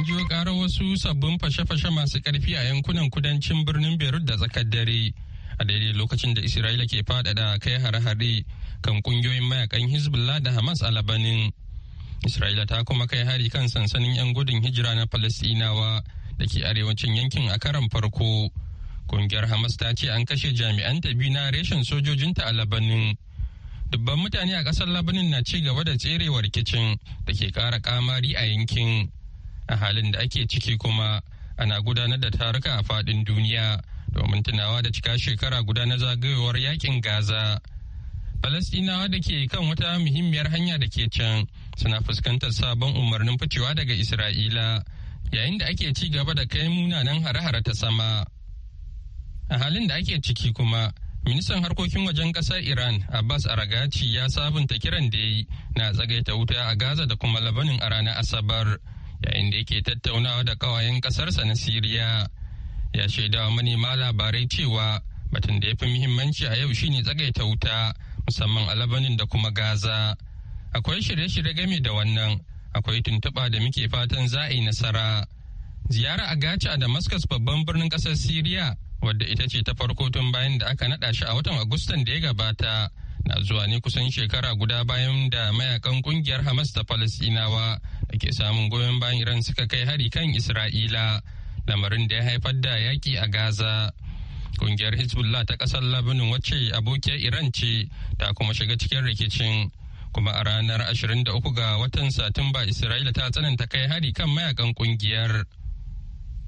An jiyo ƙara wasu sabbin fashe-fashe masu ƙarfi a yankunan kudancin birnin Beirut da tsakar dare. A daidai lokacin da Isra'ila ke faɗaɗa kai hare-hare kan ƙungiyoyin mayakan Hezbollah da Hamas a Labanin. Isra'ila ta kuma kai hari kan sansanin 'yan gudun hijira na Falasɗinawa da ke arewacin yankin a karan farko. Ƙungiyar Hamas ta ce an kashe jami'an ta biyu na reshen sojojinta a Labanin. Dubban mutane a ƙasar Labanin na ci gaba da tserewa rikicin da ke ƙara ƙamari a yankin. a halin da ake ciki kuma ana gudanar da taruka a fadin duniya domin tunawa da cika shekara guda na zagayowar yakin gaza falastinawa da ke kan wata muhimmiyar hanya da ke can suna fuskantar sabon umarnin ficewa daga isra'ila yayin da ake ci gaba da kai munanan hare-hare ta sama a halin da ake ciki kuma ministan harkokin wajen kasar iran abbas aragaci ya sabunta kiran da ya yi na tsagaita wuta a gaza da kuma labanin a ranar asabar inda yake tattaunawa da kawayen kasarsa na siriya ya shaidawa manema labarai cewa batun da ya fi muhimmanci a yau shine tsagaita wuta musamman a labanin da kuma gaza akwai shirye-shirye game da wannan akwai tuntuɓa da muke fatan za a yi nasara ziyara a gaca a damascus babban birnin ƙasar siriya wadda ita ce ta farko tun bayan da aka naɗa shi a watan agustan da ya gabata na zuwa ne kusan shekara guda bayan da mayakan kungiyar Hamas ta falastinawa da ke samun goyon bayan Iran suka kai hari kan Isra'ila lamarin da ya haifar da yaƙi a Gaza. Kungiyar Hezbollah ta ƙasar Labanin wacce abokiyar Iran ce ta kuma shiga cikin rikicin kuma a ranar 23 ga watan Satumba Isra'ila ta tsananta kai hari kan mayakan kungiyar.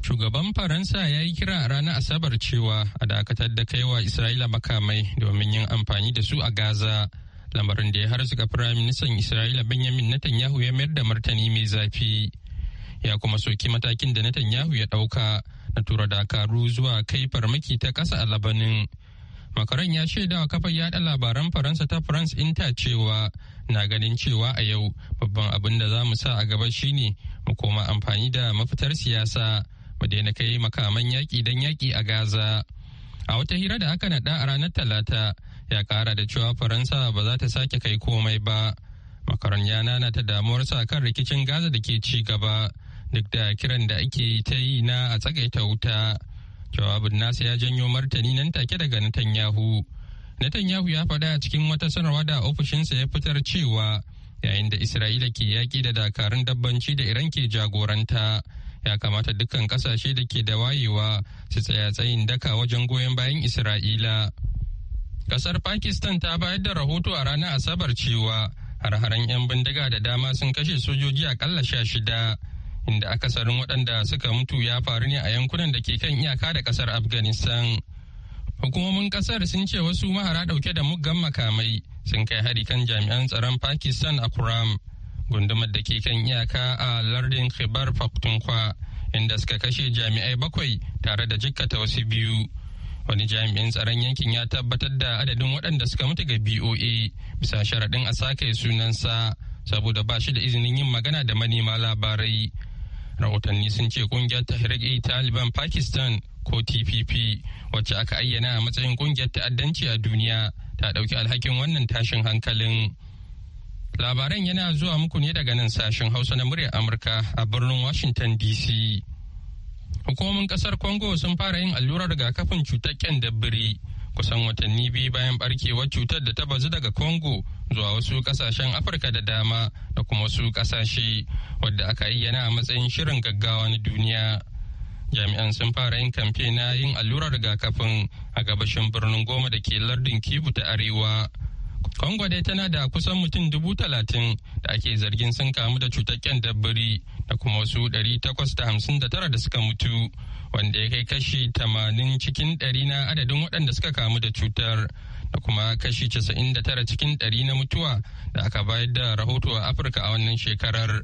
Shugaban Faransa ya yi kira a ranar Asabar cewa a dakatar da kaiwa Isra'ila makamai domin yin amfani da su a Gaza. Lamarin da ya harzuka Firaministan Isra'ila Benjamin Netanyahu ya mayar da martani mai zafi. Ya kuma soki matakin da Netanyahu ya ɗauka na tura dakaru zuwa kai farmaki ta ƙasa a Labanin. makaran ya shaida wa kafar yaɗa labaran Faransa ta France Inter cewa na ganin cewa a yau babban abin da za mu sa a gaba shine mu koma amfani da mafitar siyasa mu daina kai makaman yaƙi don yaƙi a Gaza. A wata hira da aka naɗa a ranar Talata ya ƙara da cewa Faransa ba za ta sake kai komai ba. Makaron ya nana ta damuwarsa kan rikicin Gaza da ke ci gaba duk da kiran da ake ta yi na a tsagaita wuta. Jawabin nasa ya janyo martani nan take daga Netanyahu. Netanyahu ya faɗa a cikin wata sanarwa da ofishinsa ya fitar cewa yayin da Isra'ila ke yaƙi da dakarun dabbanci da Iran ke jagoranta. ya kamata dukkan kasashe da ke da wayewa su tsaya tsayin daka wajen goyon bayan isra'ila kasar pakistan ta bayar da rahoto a ranar asabar cewa har-haren 'yan bindiga da dama sun kashe sojoji akalla sha shida inda akasarin waɗanda suka mutu ya faru ne a yankunan da ke kan iyaka da kasar afghanistan hukumomin kasar sun ce wasu mahara ɗauke da muggan makamai sun kai hari kan jami'an tsaron pakistan a kuram gundumar da ke kan iyaka a lardin khibar faktunkwa inda suka kashe jami'ai bakwai tare da jikkata wasu biyu wani jami'in tsaron yankin ya tabbatar da adadin waɗanda suka mutu ga boa bisa sharaɗin a sake sunansa saboda ba shi da izinin yin magana da manema labarai rahotanni sun ce kungiyar tahrik taliban pakistan ko tpp wacce aka ayyana a matsayin kungiyar ta'addanci a duniya ta ɗauki alhakin wannan tashin hankalin Labaran yana zuwa muku ne daga nan sashen Hausa na muryar Amurka a birnin Washington DC. Hukumomin kasar Congo sun fara yin allurar rigakafin cutar biri kusan watanni biyu bayan barkewar cutar da ta bazu daga Congo zuwa wasu kasashen Afirka da dama da kuma wasu kasashe wadda aka ayyana a matsayin shirin gaggawa na duniya. Jami'an sun fara yin kamfe na yin allurar rigakafin a gabashin birnin goma da ke lardin Kivu ta Arewa. Kongo dai tana da kusan mutum dubu talatin da ake zargin sun kamu da cutar dabbari da kuma wasu ɗari takwas da hamsin da tara da suka mutu wanda ya kai kashi tamanin cikin ɗari na adadin waɗanda suka kamu da cutar da kuma kashi casa'in da tara cikin ɗari na mutuwa da aka bayar da rahoto a Afirka a wannan shekarar.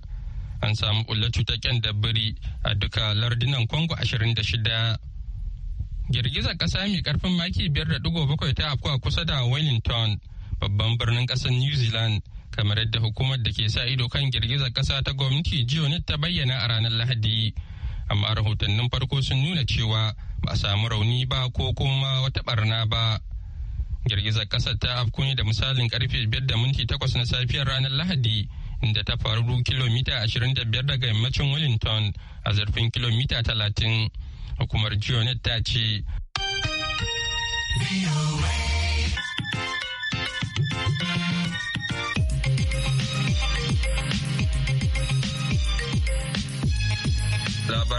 An samu ɓullar cutar dabbari a duka lardunan Kongo ashirin da shida. Girgizar ƙasa mai ƙarfin maki biyar da digo bakwai ta afkuwa kusa da Wellington. babban birnin kasar new zealand kamar yadda hukumar da ke sa ido kan girgizar kasa ta gwamnati jiyonet ta bayyana a ranar lahadi amma rahotannin farko sun nuna cewa ba a samu rauni ba ko kuma wata barna ba girgizar kasa ta afku ne da misalin karfe biyar da minti takwas na safiyar ranar lahadi inda ta faru kilomita 25 daga yammacin wellington a zarfin kilomita 30 hukumar jiyonet ta ce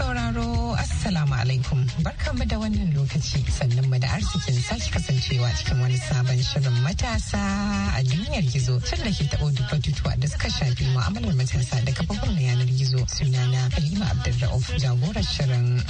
sauraro Assalamu alaikum barkanmu da wannan lokaci sannan mu da arzikin sake kasancewa cikin wani sabon shirin matasa a duniyar gizo tun da ke taɓo duk batutuwa da suka shafi mu'amalar matasa da kafofin yanar gizo suna na Halima Abdulrauf jagorar shirin.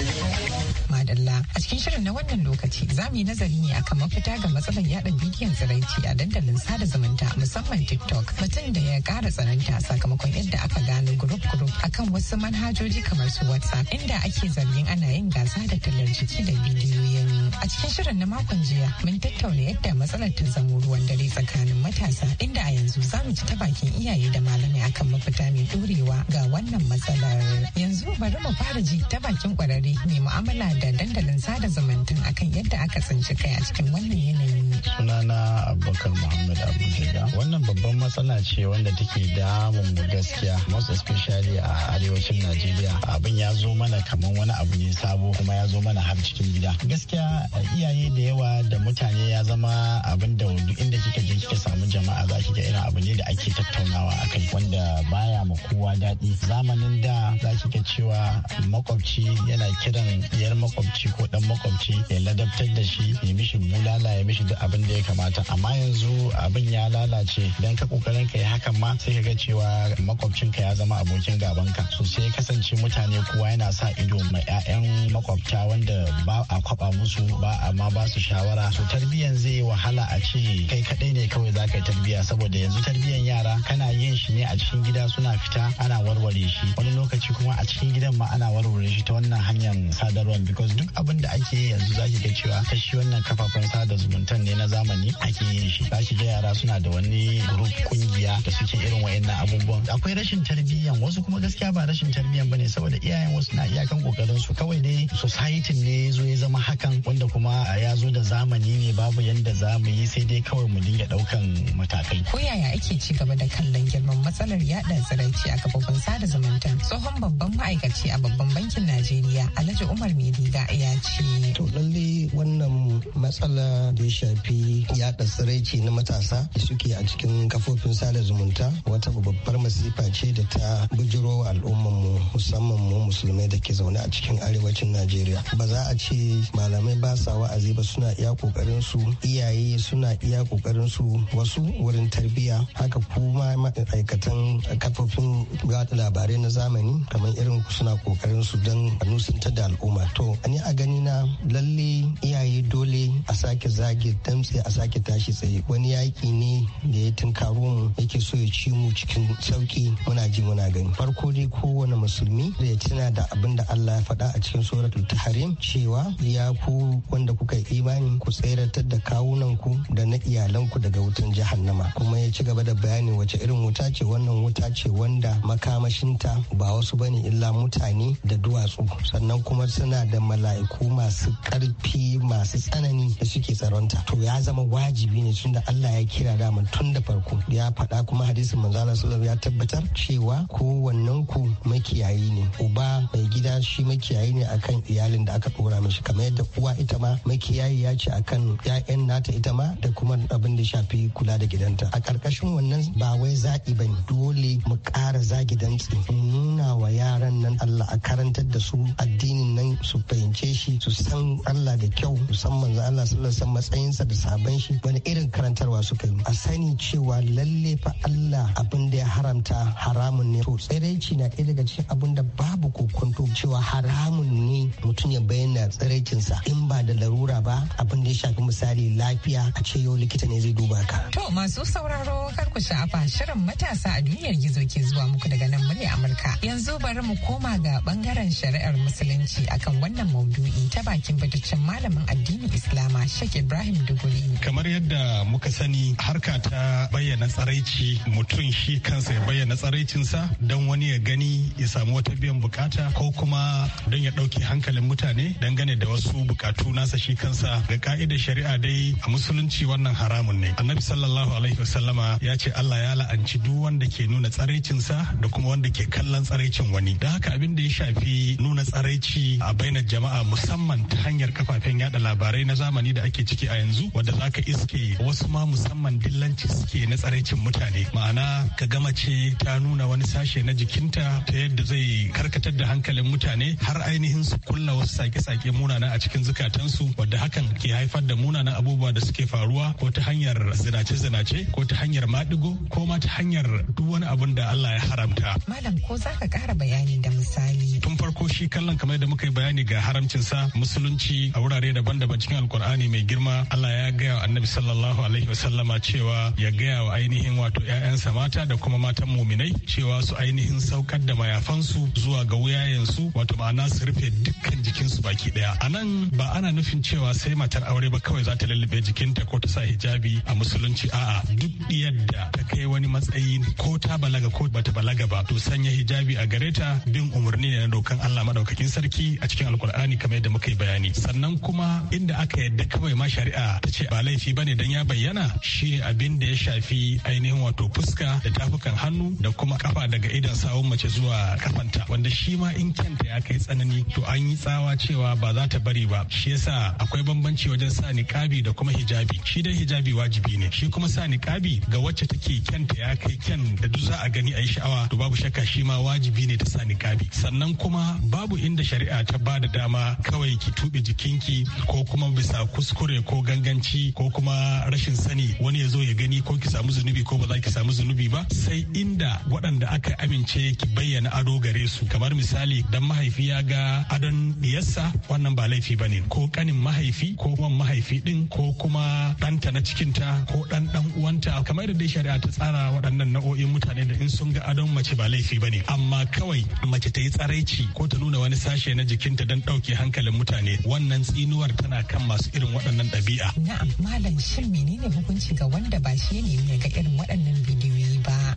Thank you. dalla A cikin shirin na wannan lokaci za mu yi nazari ne akan mafita ga matsalar yada bidiyon tsiraici a dandalin sada zumunta musamman TikTok. mutum da ya kara tsananta sakamakon yadda aka gano group group akan wasu manhajoji kamar su WhatsApp inda ake zargin ana yin gasa da tallar jiki da bidiyoyi. A cikin shirin na makon jiya mun tattauna yadda matsalar ta zama ruwan dare tsakanin matasa inda a yanzu za mu ci ta bakin iyaye da malamai akan mafita mai dorewa ga wannan matsalar. Yanzu bari mu fara ji ta bakin kwararre mai mu'amala da dandalin sada zumunta akan yadda aka tsinci kai a cikin wannan yanayi. Sunana Abubakar Muhammad Abu Wannan babban matsala ce wanda take damun mu gaskiya most especially a arewacin Najeriya abin ya zo mana kamar wani abu ne sabo kuma ya zo mana har cikin gida. Gaskiya iyaye da yawa da mutane ya zama abin da inda kika je kika samu jama'a za ki ga irin abu ne da ake tattaunawa a kai wanda baya ma kowa daɗi zamanin da za ki ga cewa makwabci yana kiran diyar makwabci ko dan makwabci ya ladabtar da shi ya mishi bulala ya mishi duk abin da ya kamata amma yanzu abin ya lalace idan ka kokarin ka yi hakan ma sai ka ga cewa makwabcinka ya zama abokin gabanka so sai kasance mutane kowa yana sa ido ma 'ya'yan makwabta wanda ba a kwaba musu ba amma ba su shawara to tarbiyan zai wahala a ce kai kadai ne kawai za ka yi tarbiya saboda yanzu tarbiyan yara kana yin shi ne a cikin gida suna fita ana warware shi wani lokaci kuma a cikin gidan ma ana warware shi ta wannan hanyar sadarwar because duk abin da ake yi yanzu zaki ga cewa ta shi wannan kafafen sada zumuntan ne na zamani ake yin shi zaki ga yara suna da wani group kungiya da suke irin wayannan abubuwan akwai rashin tarbiyyan wasu kuma gaskiya ba rashin tarbiyan bane saboda iyayen wasu na iyakan kokarin su kawai dai society ne zo ya zama hakan wanda kuma ya zo da zamani ne babu yadda za mu yi sai dai kawai mu dinga ɗaukan matakai. Ko yaya ake ci gaba da kallon girman matsalar yaɗa tsiraici a kafofin sada zumunta tsohon babban ma'aikaci a babban bankin Najeriya Alhaji Umar Mediga ya ce. To lalle wannan matsala da ya shafi yaɗa tsiraici na matasa da suke a cikin kafofin sada zumunta wata babbar masifa ce da ta bujiro mu, musamman mu musulmai da ke zaune a cikin arewacin Najeriya. Ba za a ce malamai ba sa wa'azi ba suna iya kokarin su iyaye suna iya kokarin su wasu wurin tarbiyya haka kuma ma'aikatan kafofin gada labarai na zamani kamar irin suna kokarin su don nusantar da al'umma to ni a gani na lalle iyaye dole a sake zage damtse a sake tashi tsaye wani yaki ne da ya tunkaro mu yake so ya ci mu cikin sauki muna ji muna gani farko dai kowane musulmi da ya tuna da abin da Allah ya faɗa a cikin suratul tahrim cewa ya ku wanda kuka yi imani ku tseratar da kawunanku da na iyalanku daga wutan jahannama kuma ya ci gaba da bayani wace irin wuta ce wannan wuta ce wanda makamashinta ba wasu bane illa mutane da duwatsu sannan kuma suna da mala'iku masu karfi masu tsanani da suke tsaronta to ya zama wajibi ne tun Allah ya kira dama tun da farko ya faɗa kuma hadisin manzala sallallahu ya tabbatar cewa kowannen ku makiyayi ne uba mai gida shi makiyayi ne akan iyalin da aka dora mishi kamar yadda uwa ita ita ma makiyayi ya ce akan 'ya'yan nata ita ma da kuma abin da shafi kula da gidanta a karkashin wannan ba wai zaɓi ba dole mu ƙara zagi dantsi mu nuna wa yaran nan Allah a karantar da su addinin nan su fahimce shi su san Allah da kyau musamman za Allah sallallahu alaihi matsayinsa da sabon shi wani irin karantarwa suka yi a sani cewa lalle fa Allah abin da ya haramta haramun ne to tsiraici na ɗaya daga cikin abin da babu kokonto cewa haramun ne mutum ya bayyana tsiraicinsa in ba ba da larura ba abin da ya shafi misali lafiya a ce yau likita ne zai duba ka. To masu sauraro kar ku sha'afa shirin matasa a duniyar gizo ke zuwa muku daga nan murya Amurka. Yanzu bari mu koma ga bangaren shari'ar musulunci akan wannan maudu'i ta bakin fitaccen malamin addinin Islama Sheikh Ibrahim Duguri. Kamar yadda muka sani harka ta bayyana tsaraici mutum shi kansa ya bayyana tsaraicinsa don wani ya gani ya samu wata biyan bukata ko kuma don ya ɗauki hankalin mutane dangane da wasu bukatu sunansa shi kansa ga ka'idar shari'a dai a musulunci wannan haramun ne annabi sallallahu alaihi wasallama ya ce Allah ya la'anci duk wanda ke nuna tsaraicinsa da kuma wanda ke kallon tsaraicin wani da haka abin da ya shafi nuna tsaraici a bainar jama'a musamman ta hanyar kafafen yada labarai na zamani da ake ciki a yanzu wanda zaka iske wasu ma musamman dillanci suke na tsaraicin mutane ma'ana ka gama ce ta nuna wani sashe na jikinta ta yadda zai karkatar da hankalin mutane har ainihin su kulla wasu sake-sake munana a cikin zukata mazajensu wadda hakan ke haifar da munanan abubuwa da suke faruwa ko ta hanyar zinace-zinace ko ta hanyar maɗigo ko ma ta hanyar duk wani abin da Allah ya haramta. Malam ko za ka ƙara bayani da misali. Tun farko shi kallon kamar da muka yi bayani ga haramcin sa musulunci a wurare daban-daban cikin alkur'ani mai girma Allah ya gaya wa annabi sallallahu alaihi wasallama cewa ya gaya wa ainihin wato 'ya'yansa mata da kuma matan muminai cewa su ainihin saukar da mayafansu zuwa ga wuyayensu wato ma'ana su rufe dukkan jikinsu baki daya. A nan ba ana yana nufin cewa sai matar aure ba kawai za ta lullube jikinta ko ta sa hijabi a musulunci a'a duk yadda ta kai wani matsayi ko ta balaga ko ba ta balaga ba to sanya hijabi a gare ta bin umarni ne na dokan Allah madaukakin sarki a cikin alkur'ani kamar yadda muka yi bayani sannan kuma inda aka yadda kawai ma shari'a ta ce ba laifi ba ne dan ya bayyana shine abin da ya shafi ainihin wato fuska da tafukan hannu da kuma kafa daga idan sawun mace zuwa kafanta wanda shi ma in kyanta ya kai tsanani to an yi tsawa cewa ba za ta bari ba shi yasa akwai bambanci wajen sa niqabi da kuma hijabi shi dai hijabi wajibi ne shi kuma sa niqabi ga wacce take kyanta ya kai kyan da duk za a gani a yi sha'awa to babu shakka shi ma wajibi ne ta sa niqabi sannan kuma babu inda shari'a ta ba da dama kawai ki tube jikinki ko kuma bisa kuskure ko ganganci ko kuma rashin sani wani ya zo ya gani ko ki samu zunubi ko ba za ki samu zunubi ba sai inda waɗanda aka amince ki bayyana ado gare su kamar misali dan mahaifi ya ga adon diyarsa wannan ba laifi bane ko kanin mahaifi ko kuma mahaifi din ko kuma ɗanta na cikinta ko ɗan ɗan uwanta kamar da dai shari'a ta tsara waɗannan nau'o'in mutane da in sun ga adon mace ba laifi ba ne amma kawai mace ta yi tsaraici ko ta nuna wani sashe na jikinta don ɗauke hankalin mutane wannan tsinuwar tana kan masu irin waɗannan ɗabi'a. Na'am malam shin menene hukunci ga wanda ba shi ne ga irin waɗannan bidiyo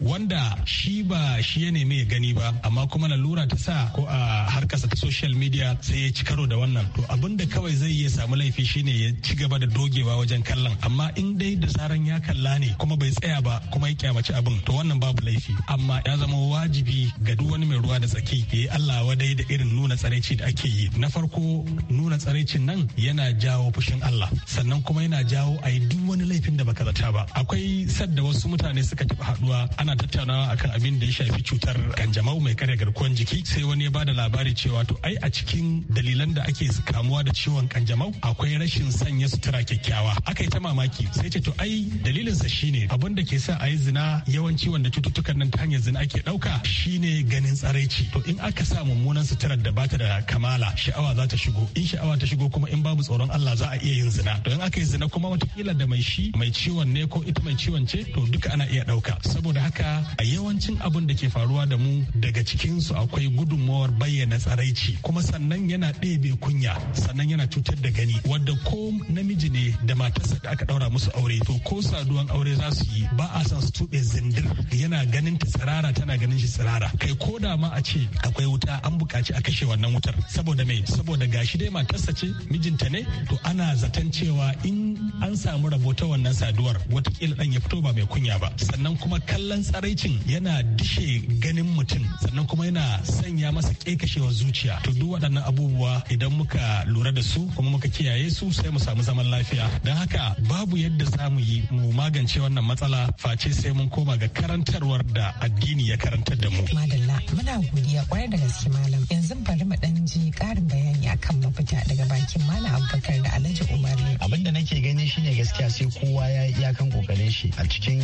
wanda shi ba shi ya nemi ya gani ba amma kuma lura ta sa ko a harkarsa ta social media sai ya ci karo da wannan to abin da kawai zai iya samu laifi shine ya ci gaba da dogewa wajen kallon amma in dai da zaran ya kalla ne kuma bai tsaya ba kuma ya kyamaci abin to wannan babu laifi amma ya zama wajibi ga duk wani mai ruwa da tsaki ya yi Allah wadai da irin nuna tsaraici da ake yi na farko nuna tsaraicin nan yana jawo fushin Allah sannan kuma yana jawo a yi duk wani laifin da baka zata ba akwai sadda wasu mutane suka taba haɗuwa ana ana tattaunawa akan abin da ya shafi cutar kanjamau mai karya garkuwar jiki sai wani ya ba da labari cewa to ai a cikin dalilan da ake kamuwa da ciwon kanjamau akwai rashin sanya sutura kyakkyawa aka yi ta mamaki sai ce to ai dalilinsa shine abin da ke sa a yi zina yawanci wanda cututtukan nan ta hanyar zina ake ɗauka shine ganin tsaraici to in aka sa mummunan suturar da bata da kamala sha'awa za ta shigo in sha'awa ta shigo kuma in babu tsoron Allah za a iya yin zina to in aka yi zina kuma wata kila da mai shi mai ciwon ne ko ita mai ciwon ce to duka ana iya ɗauka saboda haka haka a yawancin abin da ke faruwa da mu daga cikinsu akwai gudunmawar bayyana tsaraici kuma sannan yana ɗebe kunya sannan yana cutar da gani wadda ko namiji ne da matarsa da aka ɗaura musu aure to ko saduwan aure za su yi ba a son su tuɓe zindir yana ganin ta tsirara tana ganin shi tsirara kai ko da ma a ce akwai wuta an buƙaci a kashe wannan wutar saboda mai saboda gashi dai matarsa ce mijinta ne to ana zaton cewa in an samu rabo ta wannan saduwar watakila ɗan ya fito ba mai kunya ba sannan kuma kallon tsaraicin yana dishe ganin mutum sannan kuma yana sanya masa kekashewa zuciya to duk waɗannan abubuwa idan muka lura da su kuma muka kiyaye su sai mu samu zaman lafiya don haka babu yadda za mu yi mu magance wannan matsala face sai mun koma ga karantarwar da addini ya karantar da mu madalla muna godiya kwarai da gaske malam yanzu bari mu ɗan ji karin bayani kan mafita daga bakin Malam Abubakar da Alhaji Umar. Abin da nake gani shine gaskiya sai kowa ya yi iyakan kokarin shi a cikin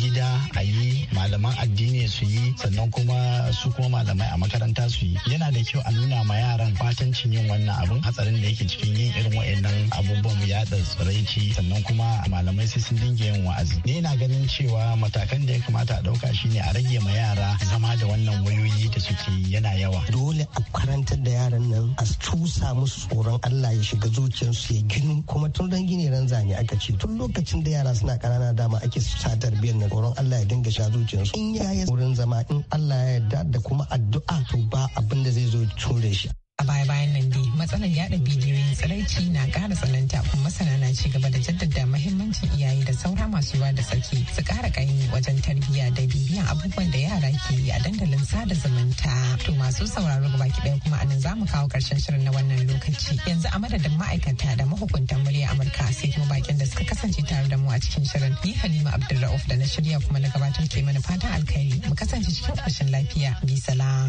gida a yi malaman addini su yi sannan kuma su kuma malamai a makaranta su yi. Yana da kyau a nuna ma yaran fatan cin yin wannan abun hatsarin da yake cikin yin irin wa'annan abubuwan yaɗa tsiraici sannan kuma malamai sai sun dinga yin wa'azi. Ni na ganin cewa matakan da ya kamata a ɗauka shine a rage ma yara zama da wannan wayoyi da suke yana yawa. Dole a karantar da yaran nan a cusa musu tsoron Allah ya shiga zuciyarsu ya ginu kuma tun dan gini ran zane aka ce tun lokacin da yara suna kanana dama ake sa tarbiyyar na tsoron Allah ya dinga sha zuciyarsu in yaya wurin zama in Allah ya yarda da kuma addu'a to ba abin da zai zo cure shi a baya-bayan nan dai matsalar yada bidiyoyin tsiraici na kara tsananta kuma masana na ci gaba da jaddada mahimmancin iyaye da saura masu ruwa da tsarki su kara ƙaimi wajen tarbiyya da bibiyan abubuwan da yara ke yi a dandalin sada zumunta to masu sauraro gaba ki ɗaya kuma anan zamu kawo karshen shirin na wannan lokaci yanzu a madadin ma'aikata da mahukuntan murya amurka sai kuma bakin da suka kasance tare da mu a cikin shirin ni halima abdulrauf da na shirya kuma na gabatar ke mana fatan alkhairi mu kasance cikin ƙoshin lafiya bi salam.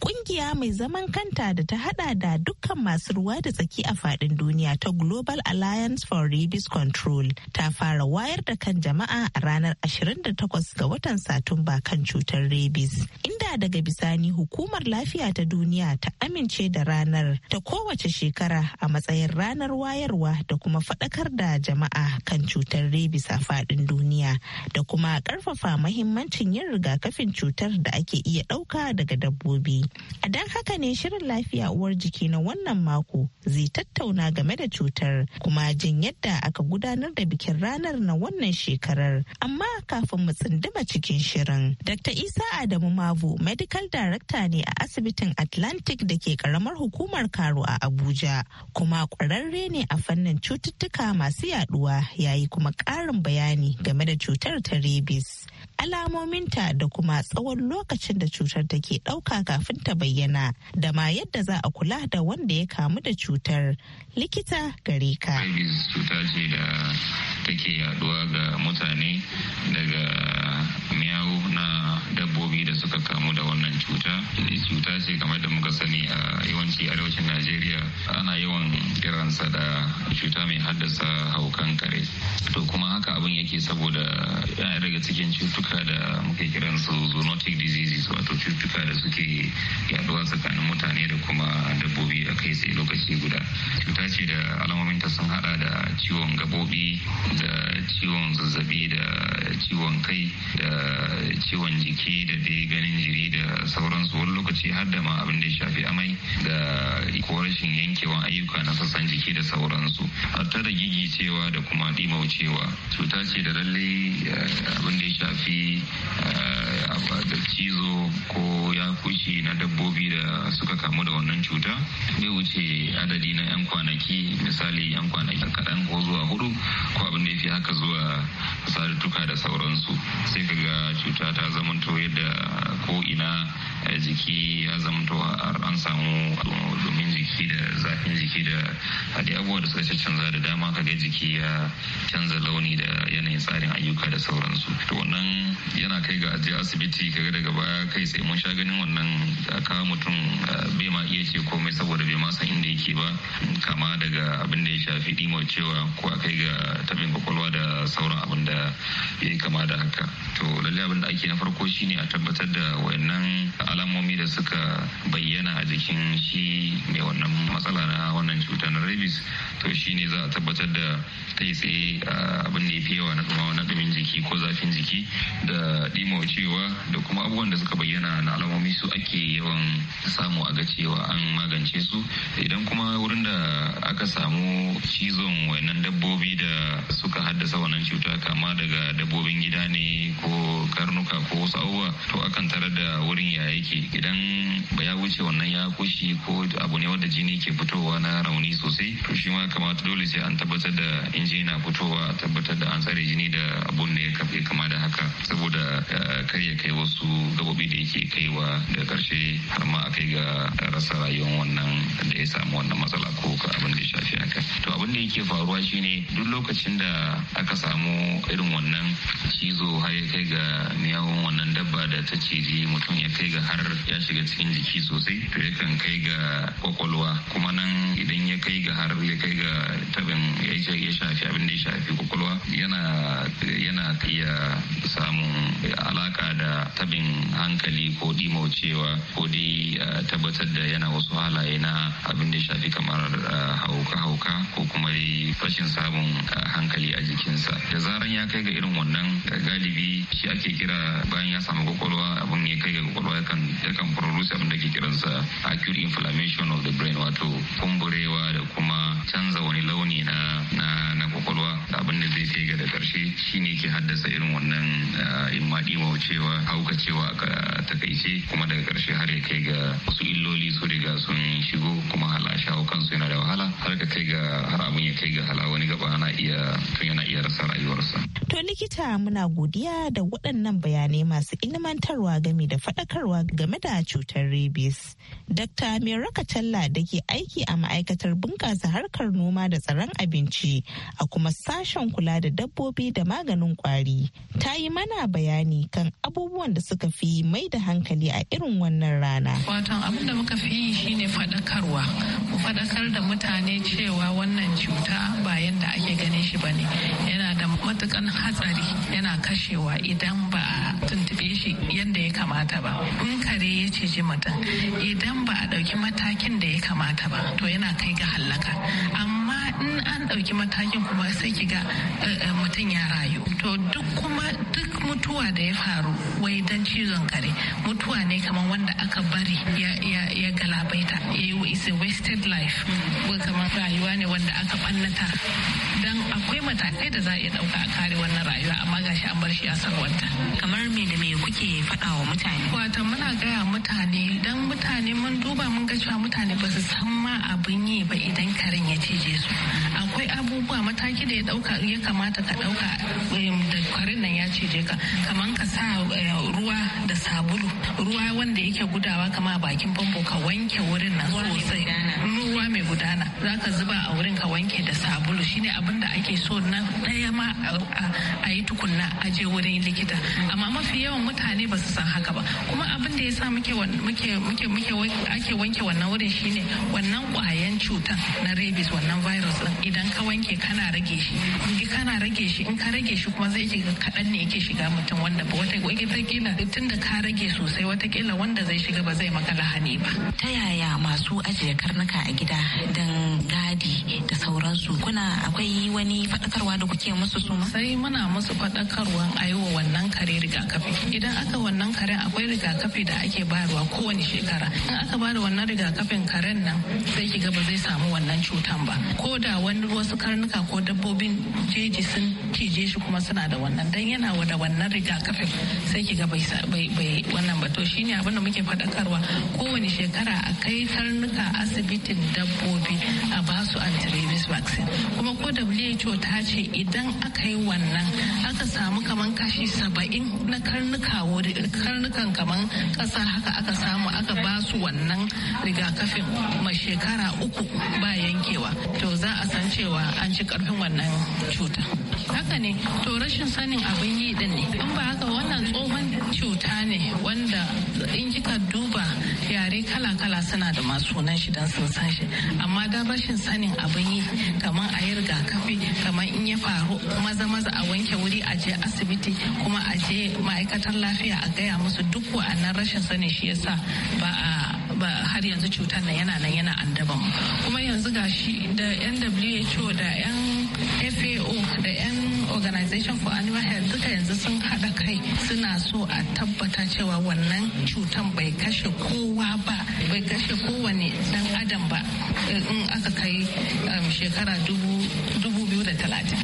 kungiya mai zaman kanta da ta hada da dukkan masu ruwa da tsaki a fadin duniya ta Global Alliance for Rabies Control ta fara wayar da kan jama'a a ranar 28 ga watan Satumba kan cutar rabies. Inda daga bisani hukumar lafiya ta duniya ta amince da ranar ta kowace shekara a matsayin ranar wayarwa da kuma faɗakar da jama'a kan cutar rabies a fadin duniya da kuma ƙarfafa mahimmancin yin rigakafin cutar da ake iya ɗauka daga dabbobi. A don haka ne shirin lafiya uwar jiki na wannan mako zai tattauna game da cutar kuma jin yadda aka gudanar da bikin ranar na wannan shekarar. Amma kafin mu tsinduma cikin shirin, Dr. Isa Adamu Mavu, Medical Director ne a asibitin Atlantic da ke karamar hukumar Karo a Abuja, kuma ƙwararre ne a fannin cututtuka masu yaduwa yayi kuma ƙarin bayani game da cutar ta rabies. alamominta da kuma tsawon lokacin da cutar take ɗauka kafin ta bayyana da ma yadda za a kula da wanda ya kamu da cutar likita gare ka. cuta ce da take yaduwa ga mutane daga miyawu da suka kamu da wannan cuta cuta ce kamar da muka sani a yawanci arewacin najeriya ana yawan kiransa da cuta mai haddasa haukan kare to kuma haka abin yake saboda yana daga cikin cutuka da muke kiransu zoonotic diseases wato cutuka da suke yaduwa tsakanin mutane da kuma dabbobi a kai sai lokaci guda cuta ce da alamominta sun hada da ciwon gabobi da ciwon zazzabi da ciwon kai da ciwon jiki da dai ganin jiri da sauransu wani lokaci har da ma abin da ya shafi amai da ko rashin yankewan ayyuka na sassan jiki da sauransu hatta da cewa da kuma dimaucewa cuta ce da lalle eh, abin da ya shafi da eh, cizo ko ya kushi na dabbobi da suka kamu da wannan cuta bai wuce adadi na 'yan kwanaki misali 'yan kwanaki kaɗan ko zuwa hudu ko abin da ya fi haka zuwa sadutuka da sauransu sai ka ga cuta ƙasa ta zamanto yadda ko ina eh, jiki ya zamanto an samu domin jiki da zafin jiki da hadi abubuwa da suka canza da dama kaga jiki ya canza launi da yanayin tsarin ayyuka da sauransu to wannan yana kai ga ajiye asibiti kaga daga baya kai sai mun sha ganin wannan kawo mutum bai ma iya ce komai saboda bai ma san inda yake ba kama daga abin da ya shafi dimar cewa ko a kai ga tabin kwakwalwa da sauran abin da ya yi kama da haka to lalle abin da ake na farko shine a tabbatar da wayannan alamomi da suka bayyana a jikin shi mai wannan matsala na wannan cuta na rabies to shine za a tabbatar da kai tsaye abin da ya fi yawa na kuma wani ɗumin jiki ko zafin jiki da cewa da kuma abubuwan da suka bayyana na alamomi su ake yawan samu a ga cewa an magance su idan kuma wurin da aka samu cizon wayannan dabbobi da suka haddasa wannan cuta kama daga dabbobin gida ne ko karnuka ko wasu abubuwa to akan tarar da wurin ya yake idan ba ya wuce wannan ya kushi ko abu ne wanda jini ke fitowa na rauni sosai to shi ma kamata dole sai an tabbatar da injini na fitowa a tabbatar da an tsare jini da abun da ya kafe kama da haka saboda eh, kar ya kai wasu gabobi da yake kaiwa da karshe har ma a kai ga rasa rayuwar wannan da ya samu wannan matsala ko abin da yake faruwa shine duk lokacin da aka samu irin wannan cizo har ya kai ga miyawun wannan dabba da ta ciji mutum ya kai ga har ya shiga cikin jiki sosai to yakan kai ga kwakwalwa kuma nan idan ya kai ga har ya kai ga tabin ya shafi abin da ya shafi kwakwalwa yana yana iya samun alaka da tabin hankali ko dimaucewa ko dai eh, tabbatar da yana wasu halaye na abin da ya shafi kamar eh, hauka-hauka ko kuma mai fashin sabon eh, hankali a jikinsa da zaran ya kai ga irin wannan eh, galibi shi ake kira bayan ya samu kwakwalwa abin ya kai ga kwakwalwa yakan yakan produce abin da ke kiransa acute inflammation of the brain wato kumburewa da kuma canza wani launi na na, na kwakwalwa abin da zai kai ga da karshe ne ke haddasa irin wannan eh, imadi maucewa haukacewa a takaice kuma daga karshe har ya kai ga wasu illoli su riga sun shigo kuma halashawo kansu yana da wahala har ka kai ga har abun ya kai ga hala wani gaba ana iya tun yana iya rasa rayuwarsa. To likita muna godiya da waɗannan bayanai masu ilmantarwa game da faɗakarwa game da cutar rabies. Dr. Meraka Talla da ke aiki a ma'aikatar bunƙasa harkar noma da tsaron abinci a kuma sashen kula da dabbobi da maganin kwari ta yi mana bayani kan abubuwan da suka fi mai da hankali a irin wannan rana. Watan abin da muka fi yi shine faɗakarwa. Mu faɗakar da mutane cewa wannan cuta ba yadda ake ganin shi ba ne yana da matukan hatsari yana kashewa idan ba a tuntube shi yadda ya kamata ba in kare ya ciji mutum idan ba a ɗauki matakin da ya kamata ba to yana kai ga hallaka amma amma in an ɗauki matakin kuma sai ki ga eh, eh, mutum ya rayu to duk kuma duk mutuwa da ya faru wai dan cizon kare mutuwa ne kamar wanda aka bari ya galabaita ya yi is a wasted life kamar rayuwa ne wanda aka ɓannata dan akwai matakai da za a iya ɗauka a kare wannan rayuwa amma gashi an bar shi a sarwanta kamar me da me kuke faɗa wa mutane wato muna gaya mutane dan mutane mun duba mun ga cewa mutane ba su san ma abin yi ba idan karen ya cije akwai abubuwa mataki da ya dauka ya kamata ka dauka da kwarin nan ya cije ka kaman ka sa eh, ruwa da sabulu ruwa wanda yake gudawa kama bakin famfo ka wanke wurin nan sosai mai gudana za ka zuba a wurin ka wanke da sabulu shine abin da ake so na ɗaya ma a yi tukunna a je wurin likita amma mafi yawan mutane ba su san haka ba kuma abin da ya sa ake wanke wannan wurin shine wannan kwayan cutan na rabies wannan virus din idan ka wanke kana rage shi in kana rage shi in ka rage shi kuma zai shiga kaɗan ne yake shiga mutum wanda ba wata kila tun da ka rage sosai watakila wanda zai shiga ba zai maka lahani ba ta yaya masu ajiye karnuka a gida da dan gadi da sauransu kuna akwai wani faɗakarwa da kuke musu su sai muna musu faɗakarwan wa wannan kare rigakafi idan aka wannan karen akwai rigakafi da ake bayarwa kowane shekara in aka bada wannan rigakafin karen nan sai ki ga ba zai samu wannan cutan ba ko da wani wasu karnuka ko dabbobin jeji sun cije shi kuma suna da wannan dan yana da wannan rigakafin sai ki ga bai wannan ba to shine abin da muke faɗakarwa kowane shekara a kai karnuka asibitin da dabbobi a ba su antirabis vaccine kuma ko who ta ce idan aka yi wannan aka samu kaman kashi saba'in na karnuka karnukan kaman kasa haka aka samu aka ba su wannan rigakafin ma shekara uku ba yankewa to za a san cewa an ci karfin wannan cuta haka ne to rashin sanin abin yi din ne in ba haka wannan tsohon cuta ne wanda in kika duba dai kala-kala suna da masu sunan shi don sun san shi amma da rashin sanin abin yi kamar a yi rigakafi kamar in ya faru maza maza a wanke wuri a je asibiti kuma a je ma'aikatar lafiya a gaya musu duk wa'annan rashin sanin shi yasa ba a ba har yanzu cutar nan yana nan yana andaban kuma yanzu gashi da nwho da yan fao da yan organization for animal health duka yanzu sun haɗa kai suna so a tabbata cewa wannan cutan bai kashe kowa ba bai kashe kowane dan adam ba eh, in aka kai um, shekara dubu 2030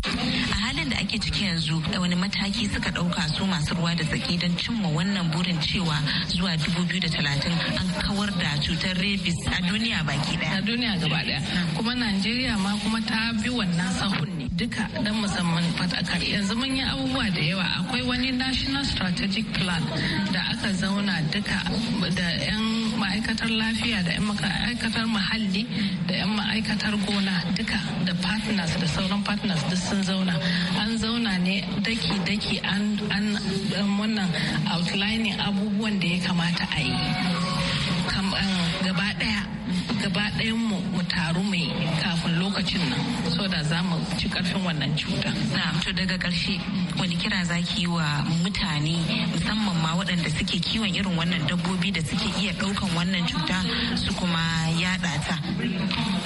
a halin da ake ciki yanzu da wani mataki suka ɗauka su masu ruwa da tsaki don cimma wannan burin cewa zuwa 2030 an kawar da cutar rabies a duniya baki daya a duniya gaba daya mm. kuma najeriya ma kuma ta bi wannan sahun ne duka dan musamman fatakar yanzu mun yi abubuwa da yawa akwai wani national strategic plan da aka zauna duka da 'yan ma'aikatar lafiya da 'yan ma'aikatar muhalli da 'yan ma'aikatar gona duka da partners da sauran partners duk sun zauna an zauna ne daki-daki an wannan outlining abubuwan da ya kamata a yi eh, gaba daya gaba ɗayan mu mu taru mai kafin lokacin nan so da za mu ci karfin wannan cuta. Na to daga ƙarshe wani kira za ki yi wa mutane musamman ma waɗanda suke kiwon irin wannan dabbobi da suke iya ɗaukan wannan cuta su kuma yaɗa ta.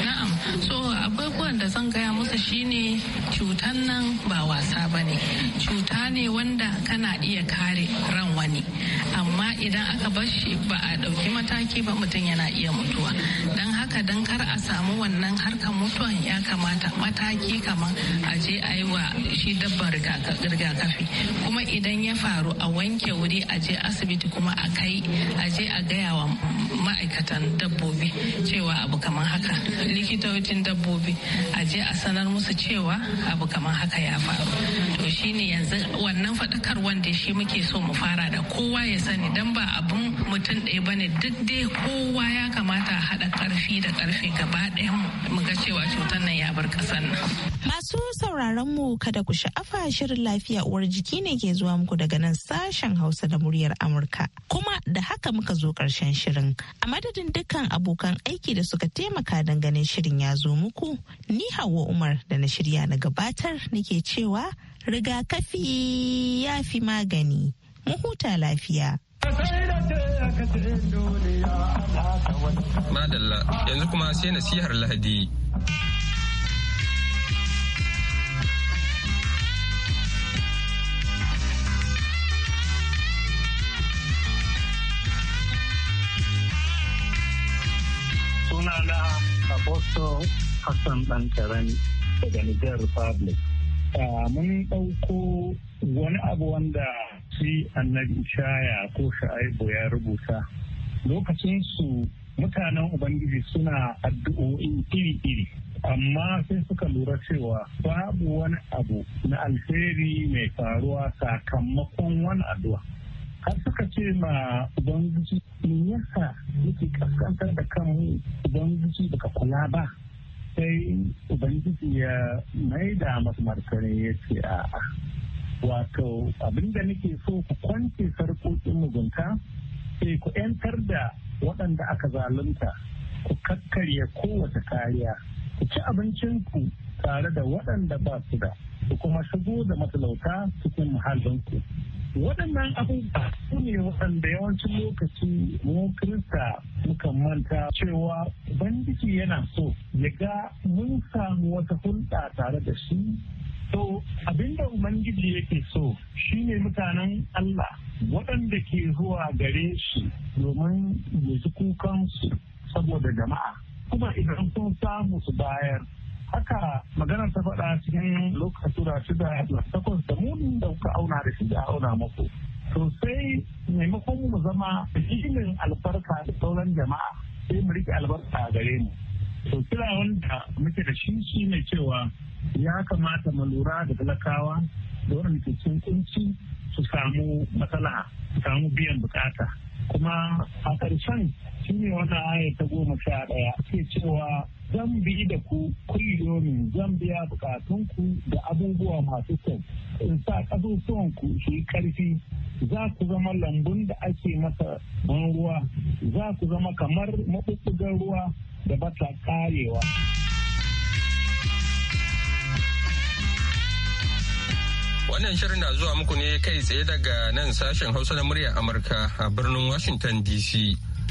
Na'am so abubuwan da zan gaya musu shine cuta cutan nan ba wasa ba ne cuta ne wanda kana iya kare ran wani amma idan aka bar shi ba a ɗauki mataki ba mutum yana iya mutuwa don haka don kar a samu wannan harkar mutuwan ya kamata mataki kamar a je a yi wa shi dabban rigakafi kuma idan ya faru a wanke wuri a je asibiti kuma a kai a je a gaya wa ma'aikatan dabbobi cewa abu kamar haka likitocin dabbobi a je a sanar musu cewa abu kamar haka ya faru to shine yanzu wannan faɗakar wanda shi muke so mu fara da kowa ya sani dan ba abun mutum ɗaya bane duk dai kowa ya kamata a haɗa ƙarfi da ƙarfe gaba ɗaya mu ga cewa cutar nan ya bar ƙasar nan masu sauraron mu kada ku sha'afa shirin lafiya uwar jiki ne ke zuwa muku daga nan sashen hausa da muryar amurka kuma da haka muka zo ƙarshen shirin a madadin dukkan abokan aiki da suka taimaka don ganin shirin ya zo muku ni hawa umar da na shirya na gabata gabatar nake cewa rigakafi ya fi magani mu huta lafiya. Madalla yanzu kuma sai nasihar Lahadi. Sunana Apostle Hassan Ɗankarani. daga Niger Republic. Ah, mun ɗauko wani abu wanda shi annabi Ishaya ko Sha'aibu ya rubuta. Lokacin su mutanen Ubangiji suna addu'o'i iri-iri. Amma sai suka lura cewa babu wani abu na alheri mai faruwa sakamakon wani addu'a. har suka ce ma ubangiji me yasa yake kaskantar da kan ubangiji daga kula ba sai ubangiji ya maida masu martani ya ce a'a wato abinda nake so ku kwance sarkokin mugunta sai eh, ku 'yantar da waɗanda aka zalunta ku kakkarya kowace kariya ku ci abincinku tare da waɗanda ba su da ku kuma shigo da matalauta cikin muhallinku waɗannan abubuwa su ne waɗanda yawancin lokaci mu kirista muka manta cewa ubangiji yana so ya ga mun samu wata hulɗa tare da shi to abinda ubangiji yake so shine mutanen allah waɗanda ke zuwa gare shi domin ya ji kukansu saboda jama'a kuma idan sun samu su bayar haka maganar ta faɗa cikin lokacin da shida da takwas da munin da kuka auna da shi da auna muku sosai maimakon mu zama da ilimin albarka da sauran jama'a sai mu rike albarka a gare mu to kira wanda muke da shi shi ne cewa ya kamata mu lura da talakawa da wanda ke cin kunci su samu matsala su samu biyan bukata kuma a ƙarshen shi ne wata aya ta goma sha ɗaya ke cewa zan bi da ku kulliyomi zan biya ku da abubuwa masu kyau in sa kasusuwan su yi karfi za ku zama lambun da ake masa ban ruwa za ku zama kamar maɓuɓɓugar ruwa da ba ta ƙarewa. Wannan shirin na zuwa muku ne kai tsaye daga nan sashen Hausa na murya Amurka a birnin Washington DC.